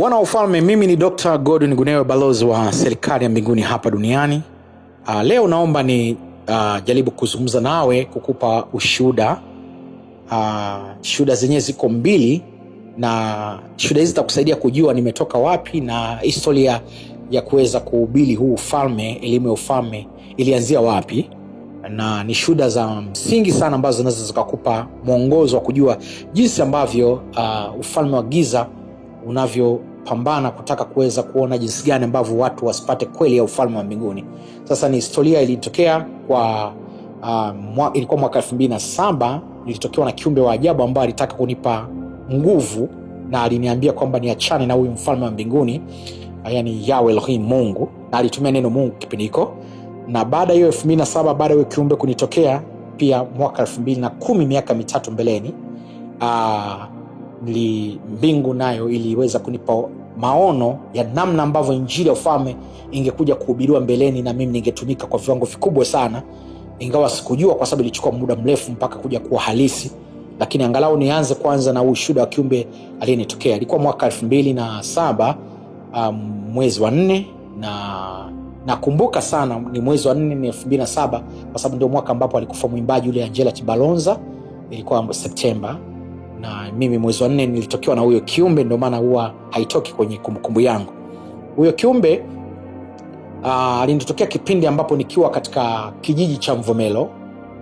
Wana wa Ufalme, mimi ni Dr. Godwin Gunewe, balozi wa serikali ya mbinguni hapa duniani. Uh, leo naomba ni uh, jaribu kuzungumza nawe kukupa ushuhuda. Uh, shuhuda zenyewe ziko mbili na shuhuda hizi zitakusaidia kujua nimetoka wapi na historia ya kuweza kuhubiri huu ufalme, elimu ya ufalme ilianzia wapi, na ni shuhuda za msingi sana ambazo zinaweza zikakupa mwongozo wa kujua jinsi ambavyo uh, ufalme wa giza unavyopambana kutaka kuweza kuona jinsi gani ambavyo watu wasipate kweli ya ufalme wa mbinguni. Sasa ni historia ilitokea kwa uh, mwa, ilikuwa mwaka elfu mbili na saba nilitokewa na kiumbe wa ajabu ambayo alitaka kunipa nguvu na aliniambia kwamba niachane na huyu mfalme wa mbinguni, uh, yani Yahweh Elohim Mungu, na alitumia neno Mungu kipindi hiko. Na baada hiyo elfu mbili na saba baada ya huyo kiumbe kunitokea pia mwaka elfu mbili na kumi miaka mitatu mbeleni uh, ni mbingu nayo iliweza kunipa maono ya namna ambavyo injili ya ufalme ingekuja kuhubiriwa mbeleni na mimi ningetumika kwa viwango vikubwa sana ingawa sikujua kwa sababu ilichukua muda mrefu mpaka kuja kuwa halisi lakini angalau nianze kwanza na ushuhuda wa kiumbe aliyenitokea ilikuwa mwaka elfu mbili na saba um, mwezi wa nne na nakumbuka sana ni mwezi wa nne ni elfu mbili na saba kwa sababu ndio mwaka ambapo alikufa mwimbaji yule angela chibalonza ilikuwa septemba na mimi mwezi wa nne nilitokewa na huyo kiumbe, ndio maana huwa haitoki kwenye kumbukumbu yangu. Huyo kiumbe ah, alinitokea kipindi ambapo nikiwa katika kijiji cha mvomelo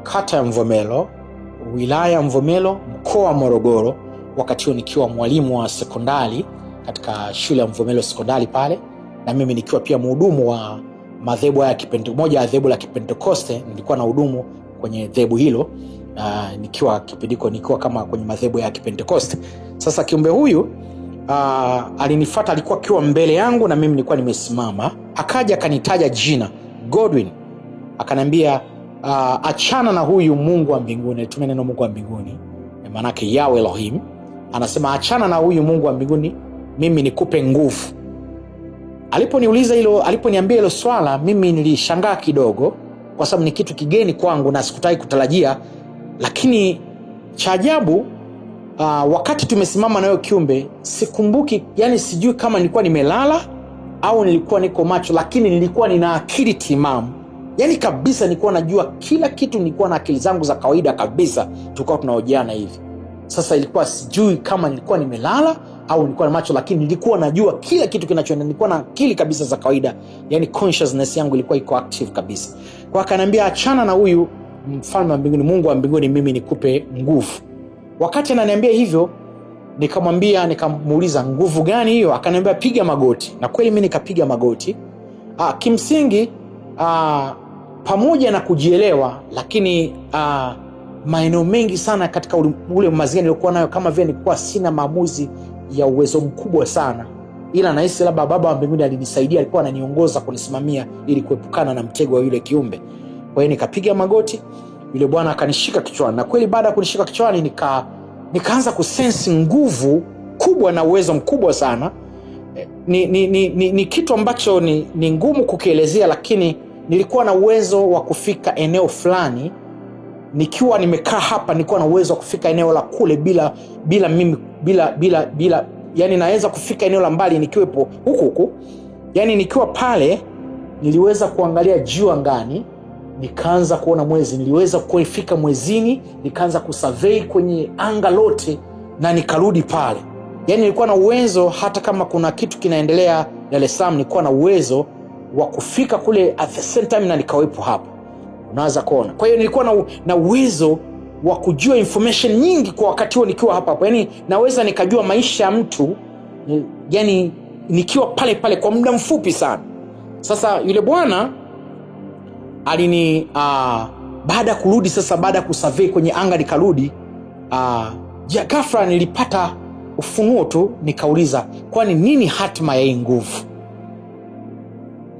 kata ya mvomelo wilaya ya mvomelo mkoa wa Morogoro, wakati huo nikiwa mwalimu wa sekondari katika shule ya mvomelo sekondari pale, na mimi nikiwa pia mhudumu wa madhehebu haya moja ya dhehebu la Kipentekoste, nilikuwa na hudumu kwenye dhehebu hilo uh, nikiwa kipindiko nikiwa kama kwenye madhehebu ya Kipentekoste. Sasa kiumbe huyu uh, ah, alinifata, alikuwa akiwa mbele yangu na mimi nilikuwa nimesimama, akaja akanitaja jina Godwin, akaniambia uh, achana na huyu Mungu wa mbinguni. Alitumia neno Mungu wa mbinguni, eh, maanake Yahweh Elohim, anasema achana na huyu Mungu wa mbinguni, mimi nikupe nguvu. Aliponiuliza hilo, aliponiambia hilo swala, mimi nilishangaa kidogo, kwa sababu ni kitu kigeni kwangu na sikutaki kutarajia lakini cha ajabu uh, wakati tumesimama nayo kiumbe, sikumbuki, yani sijui kama nilikuwa nimelala au nilikuwa niko macho, lakini nilikuwa nina akili timamu, yani kabisa nilikuwa najua kila kitu, nilikuwa na akili zangu za kawaida kabisa, tulikuwa tunaojiana hivi. Sasa ilikuwa sijui kama nilikuwa nimelala au nilikuwa na macho, lakini nilikuwa najua kila kitu kinachoenda. Nilikuwa na akili kabisa za kawaida, yani consciousness yangu ilikuwa iko active kabisa. Kwa akaniambia achana na huyu mfalme wa mbinguni, Mungu wa mbinguni, mimi nikupe nguvu. Wakati ananiambia hivyo, nikamwambia nikamuuliza, nguvu gani hiyo? Akaniambia piga magoti, na kweli mi nikapiga magoti. Aa, ah, kimsingi aa, ah, pamoja na kujielewa, lakini aa, ah, maeneo mengi sana katika ule mazingira niliokuwa nayo, kama vile nilikuwa sina maamuzi ya uwezo mkubwa sana, ila nahisi labda Baba wa mbinguni alinisaidia, alikuwa ananiongoza kunisimamia, ili kuepukana na mtego wa yule kiumbe. Kwa hiyo nikapiga magoti, yule bwana akanishika kichwani, na kweli baada ya kunishika kichwani nika, nikaanza kusensi nguvu kubwa na uwezo mkubwa sana. Ni, ni, ni, ni, ni kitu ambacho ni, ni ngumu kukielezea, lakini nilikuwa na uwezo wa kufika eneo fulani nikiwa nimekaa hapa, nilikuwa na uwezo wa kufika eneo la kule bila bila mimi bila bila bila, yani naweza kufika eneo la mbali nikiwepo huku huku, yani nikiwa pale niliweza kuangalia juu angani nikaanza kuona mwezi. Niliweza kuifika mwezini, nikaanza kusavei kwenye anga lote na nikarudi pale. Yani nilikuwa na uwezo, hata kama kuna kitu kinaendelea Dar es Salaam, nilikuwa na uwezo wa kufika kule at the same time na nikawepo hapa, unaweza kuona. Kwa hiyo nilikuwa na, na uwezo wa kujua information nyingi kwa wakati huo nikiwa hapa hapo, yani naweza nikajua maisha ya mtu eh, yani nikiwa pale pale kwa muda mfupi sana. Sasa yule bwana alini uh, baada ya kurudi sasa, baada ya kusurvey kwenye anga nikarudi, uh, ah, ghafla nilipata ufunuo tu, nikauliza kwani nini hatima ya hii nguvu?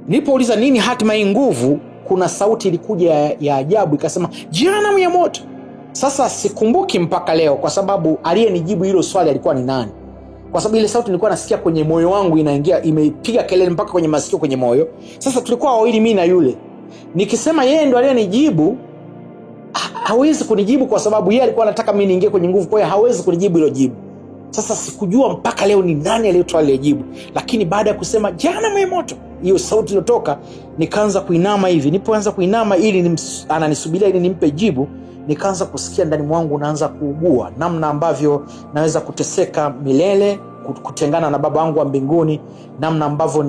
Nilipouliza nini hatima ya hii nguvu, kuna sauti ilikuja ya ajabu ikasema, jehanamu ya moto. Sasa sikumbuki mpaka leo, kwa sababu aliyenijibu hilo swali alikuwa ni nani, kwa sababu ile sauti nilikuwa nasikia kwenye moyo wangu inaingia, imepiga kelele mpaka kwenye masikio, kwenye moyo. Sasa tulikuwa wawili, mimi na yule Nikisema yeye ndo aliyenijibu, hawezi kunijibu kwa sababu yeye alikuwa anataka mimi niingie kwenye nguvu, kwa hiyo hawezi kunijibu hilo jibu. Sasa sikujua mpaka leo ni nani aliyetoa lile jibu, lakini baada ya kusema jana mwe moto, hiyo sauti iliyotoka, nikaanza kuinama hivi. Nipoanza kuinama ili ananisubiria ili nimpe jibu, nikaanza kusikia ndani mwangu naanza kuugua, namna ambavyo naweza kuteseka milele kutengana na baba wangu wa mbinguni, namna ambavyo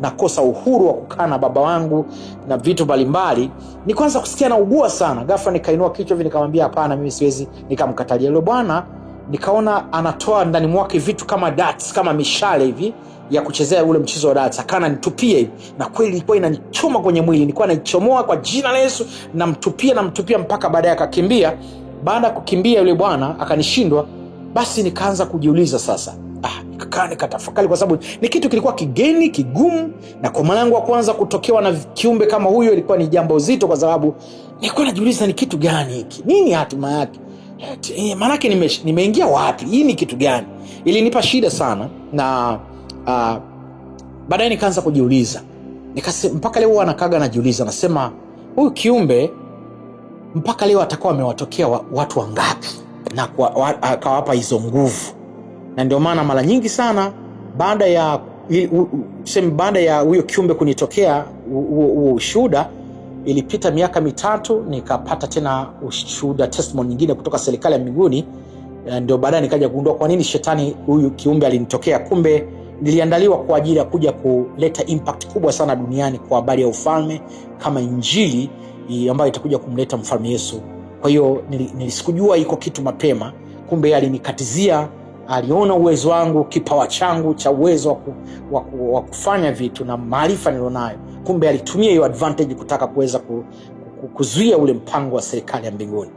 nakosa na, na uhuru wa kukaa na baba wangu na vitu mbalimbali, ni kwanza kusikia naugua sana. Ghafla nikainua kichwa hivi nikamwambia, hapana, mimi siwezi nikamkatalia yule bwana. Nikaona anatoa ndani mwake vitu kama darts, kama mishale hivi ya kuchezea ule mchezo wa darts, akana nitupie hivi, na kweli ilikuwa inanichoma kwenye mwili. Nilikuwa naichomoa kwa jina la Yesu, namtupia namtupia mpaka baadaye akakimbia. Baada ya kukimbia, yule bwana akanishindwa basi nikaanza kujiuliza sasa, ah, kaa nikatafakari, kwa sababu ni kitu kilikuwa kigeni kigumu, na kwa mara yangu ya kwanza kutokewa na kiumbe kama huyo ilikuwa ni jambo zito, kwa sababu nilikuwa najiuliza ni kitu gani hiki, nini hatima yake, eh, maanake nimeingia nime, wapi, hii ni kitu gani? Ilinipa shida sana na uh, baadaye nikaanza kujiuliza nikasema, mpaka leo anakaga najiuliza, nasema huyu kiumbe mpaka leo atakuwa amewatokea wa, watu wangapi? na akawapa hizo nguvu, na ndio maana mara nyingi sana baada ya sema baada ya huyo kiumbe kunitokea huo ushuhuda, ilipita miaka mitatu nikapata tena ushuhuda testimony nyingine kutoka serikali ya mbinguni. E, ndio baadaye nikaja kugundua kwa nini shetani huyu kiumbe alinitokea. Kumbe niliandaliwa kwa ajili ya kuja kuleta impact kubwa sana duniani kwa habari ya ufalme kama injili ambayo itakuja kumleta mfalme Yesu kwa hiyo nilisikujua iko kitu mapema, kumbe alinikatizia, aliona uwezo wangu, kipawa changu cha uwezo wa kufanya vitu na maarifa nilionayo, kumbe alitumia hiyo advantage kutaka kuweza kuzuia ule mpango wa serikali ya mbinguni.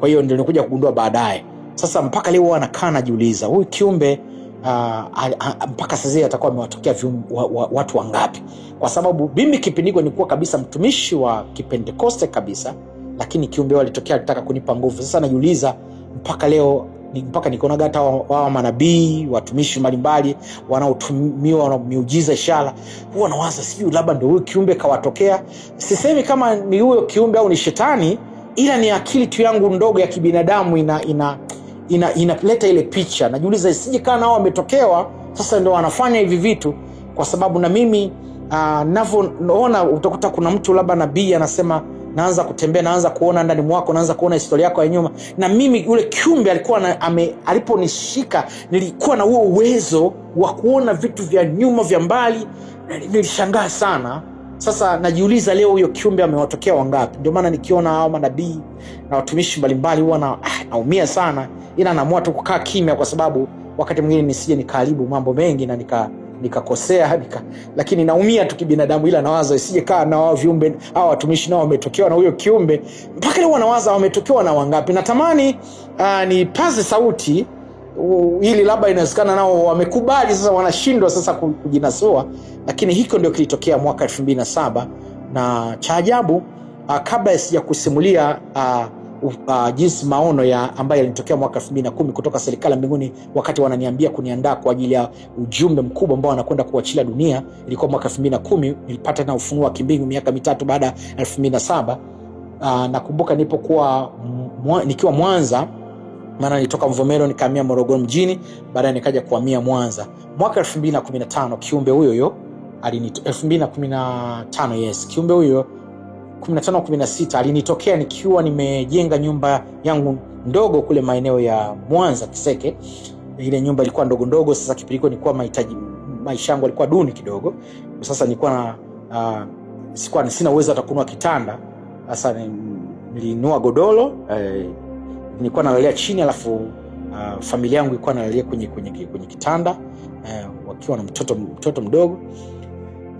Kwa hiyo ndio nilikuja kugundua baadaye. Sasa mpaka leo anakaa najiuliza huyu kiumbe Uh, mpaka sasa hivi atakuwa amewatokea wa, wa, watu wangapi? Kwa sababu mimi kipindiko nikuwa kabisa mtumishi wa Kipentekoste kabisa lakini kiumbe walitokea alitaka kunipa nguvu. Sasa najiuliza mpaka leo ni, mpaka nikaonaga hata wawa manabii watumishi mbalimbali wanaotumiwa na miujiza ishara, huwa nawaza sijui labda ndo huyu kiumbe kawatokea. Sisemi kama ni huyo kiumbe au ni shetani, ila ni akili tu yangu ndogo ya kibinadamu ina ina ina, ina ile picha. Najiuliza isije kaa nao wametokewa, sasa ndo wanafanya hivi vitu, kwa sababu na mimi uh, ah, navyoona utakuta kuna mtu labda nabii anasema naanza kutembea, naanza kuona ndani mwako, naanza kuona historia yako ya nyuma. Na mimi yule kiumbe alikuwa aliponishika, nilikuwa na huo uwezo wa kuona vitu vya nyuma vya mbali, nilishangaa sana. Sasa najiuliza leo huyo kiumbe amewatokea wangapi? Ndio maana nikiona hao manabii na watumishi mbalimbali huwa na, ah, naumia sana, ila naamua tu kukaa kimya, kwa sababu wakati mwingine nisije nikaharibu mambo mengi na nika nikakosea nika, lakini naumia tu kibinadamu, ila nawaza isije kaa na wao viumbe hawa watumishi nao wametokewa na huyo kiumbe, mpaka leo wanawaza wametokewa na wangapi. Natamani uh, nipaze sauti ili labda inawezekana nao wamekubali sasa, wanashindwa sasa kujinasua, lakini hiko ndio kilitokea mwaka elfu mbili na saba na cha ajabu uh, kabla sija kusimulia uh, ah, uh, jinsi maono ya ambayo yalitokea mwaka 2010 kutoka serikali ya mbinguni wakati wananiambia kuniandaa kwa ajili ya ujumbe mkubwa ambao wanakwenda kuachilia dunia. Ilikuwa mwaka 2010, nilipata na ufunuo wa kimbingu miaka mitatu baada ya 2007. Uh, nakumbuka nilipokuwa mwa, nikiwa Mwanza maana nilitoka Mvomero nikahamia Morogoro mjini, baadaye nikaja kuhamia Mwanza mwaka 2015. Kiumbe huyo huyo alinitoa 2015, yes, kiumbe huyo 1516 alinitokea nikiwa nimejenga nyumba yangu ndogo kule maeneo ya Mwanza Kiseke. Ile nyumba ilikuwa ndogo ndogo, sasa kipindi hicho nilikuwa mahitaji maisha yangu alikuwa duni kidogo. Sasa nilikuwa na uh, sikuwa sina uwezo hata kununua kitanda. Sasa nilinua godoro eh, nilikuwa nalalia chini alafu uh, familia yangu ilikuwa nalalia kwenye, kwenye, kwenye kitanda eh, wakiwa na mtoto, mtoto mdogo.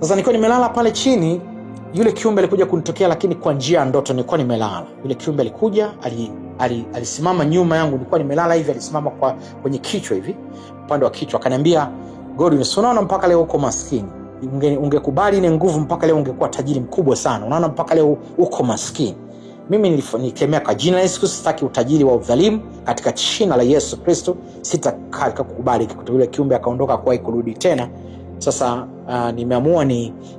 Sasa nilikuwa nimelala pale chini yule kiumbe alikuja kunitokea, lakini kwa njia ya ndoto. Nilikuwa nimelala, yule kiumbe alikuja, alisimama nyuma yangu, nilikuwa nimelala hivi, alisimama kwa kwenye kichwa hivi, upande wa kichwa, akaniambia Godwins, unaona mpaka leo uko maskini, ungekubali unge ile nguvu, mpaka leo ungekuwa tajiri mkubwa sana. Unaona mpaka leo uko maskini. Mimi nilikemea kwa jina la Yesu, sitaki utajiri wa udhalimu katika jina la Yesu Kristo, sitakubali. Yule kiumbe akaondoka, kuwahi kurudi tena. Sasa uh, nimeamua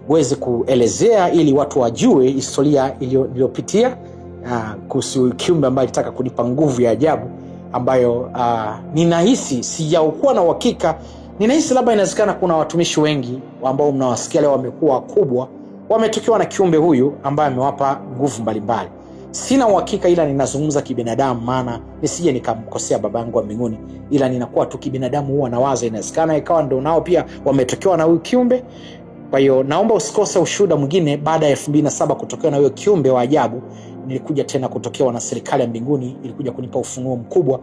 weze kuelezea ili watu wajue historia iliyopitia uh, kuhusu kiumbe ambayo alitaka kunipa nguvu ya ajabu ambayo uh, ninahisi sijaokuwa na uhakika. Ninahisi labda inawezekana kuna watumishi wengi ambao mnawasikia leo wamekuwa wakubwa, wametokewa na kiumbe huyu ambaye amewapa nguvu mbalimbali. Sina uhakika, ila ninazungumza kibinadamu, maana nisije nikamkosea baba yangu wa mbinguni, ila ninakuwa tu kibinadamu, huwa nawaza inawezekana ikawa ndo nao pia wametokewa na huyu kiumbe. Kwa hiyo naomba usikose ushuhuda mwingine baada ya elfu mbili na saba kutokewa na huyo kiumbe wa ajabu. Nilikuja tena kutokewa na serikali ya mbinguni, ilikuja kunipa ufunuo mkubwa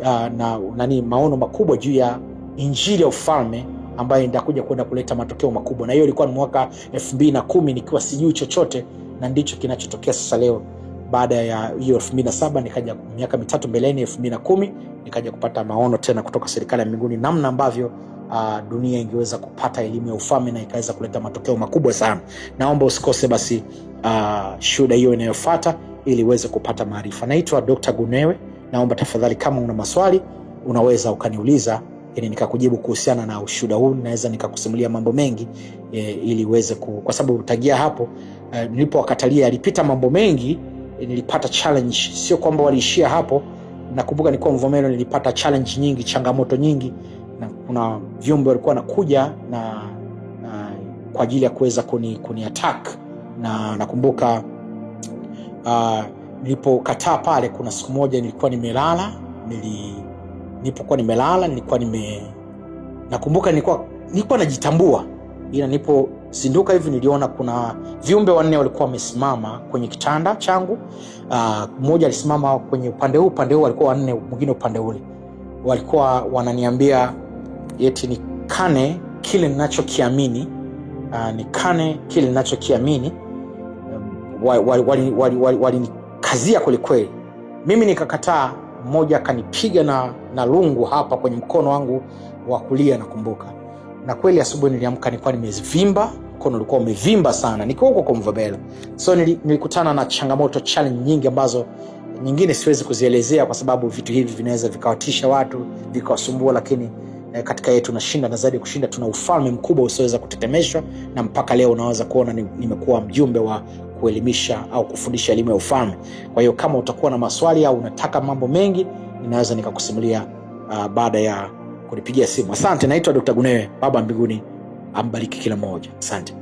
uh, na nani, maono makubwa juu ya injili ya ufalme ambayo ndakuja kwenda kuleta matokeo makubwa, na hiyo ilikuwa ni mwaka elfu mbili na kumi nikiwa sijui chochote, na ndicho kinachotokea sasa leo baada ya hiyo 2007 nikaja miaka mitatu mbeleni 2010 nikaja kupata maono tena kutoka serikali ya mbinguni namna ambavyo uh, dunia ingeweza kupata elimu ya ufalme na ikaweza kuleta matokeo makubwa sana naomba usikose basi uh, ah, shuda hiyo inayofata ili uweze kupata maarifa naitwa dr gunewe naomba tafadhali kama una maswali unaweza ukaniuliza ili nikakujibu kuhusiana na ushuda huu naweza nikakusimulia mambo mengi e, ili uweze ku, kwa sababu utagia hapo e, eh, nilipo wakatalia yalipita mambo mengi nilipata challenge, sio kwamba waliishia hapo. Nakumbuka nilikuwa Mvomero, nilipata challenge nyingi, changamoto nyingi, na kuna vyombo walikuwa nakuja na, na kwa ajili ya kuweza kuni, kuni attack na nakumbuka uh, nilipokataa pale, kuna siku moja nilikuwa nimelala nili, nilipokuwa nimelala nilikuwa nime nakumbuka nilikuwa nilikuwa najitambua, ila nipo zinduka hivi niliona kuna viumbe wanne walikuwa wamesimama kwenye kitanda changu. Ah, mmoja uh, alisimama kwenye upande huu, upande huu walikuwa wanne, mwingine upande ule. Walikuwa wananiambia yeti kane kile ninachokiamini, uh, kane kile ninachokiamini. Walinikazia kwelikweli, mimi nikakataa. Mmoja akanipiga na, na lungu hapa kwenye mkono wangu wa kulia, nakumbuka na kweli asubuhi niliamka nilikuwa nimevimba mkono ulikuwa umevimba sana nikiwa huko kumvabela so nilikutana na changamoto challenge nyingi ambazo nyingine siwezi kuzielezea kwa sababu vitu hivi vinaweza vikawatisha watu vikawasumbua lakini eh, katika yetu tunashinda na zaidi kushinda tuna ufalme mkubwa usioweza kutetemeshwa na mpaka leo unaweza kuona nimekuwa mjumbe wa kuelimisha au kufundisha elimu ya ufalme kwa hiyo kama utakuwa na maswali au unataka mambo mengi ninaweza nikakusimulia uh, baada ya kunipigia simu. Asante, naitwa Dr. Gunewe. Baba mbinguni ambariki kila mmoja. Asante.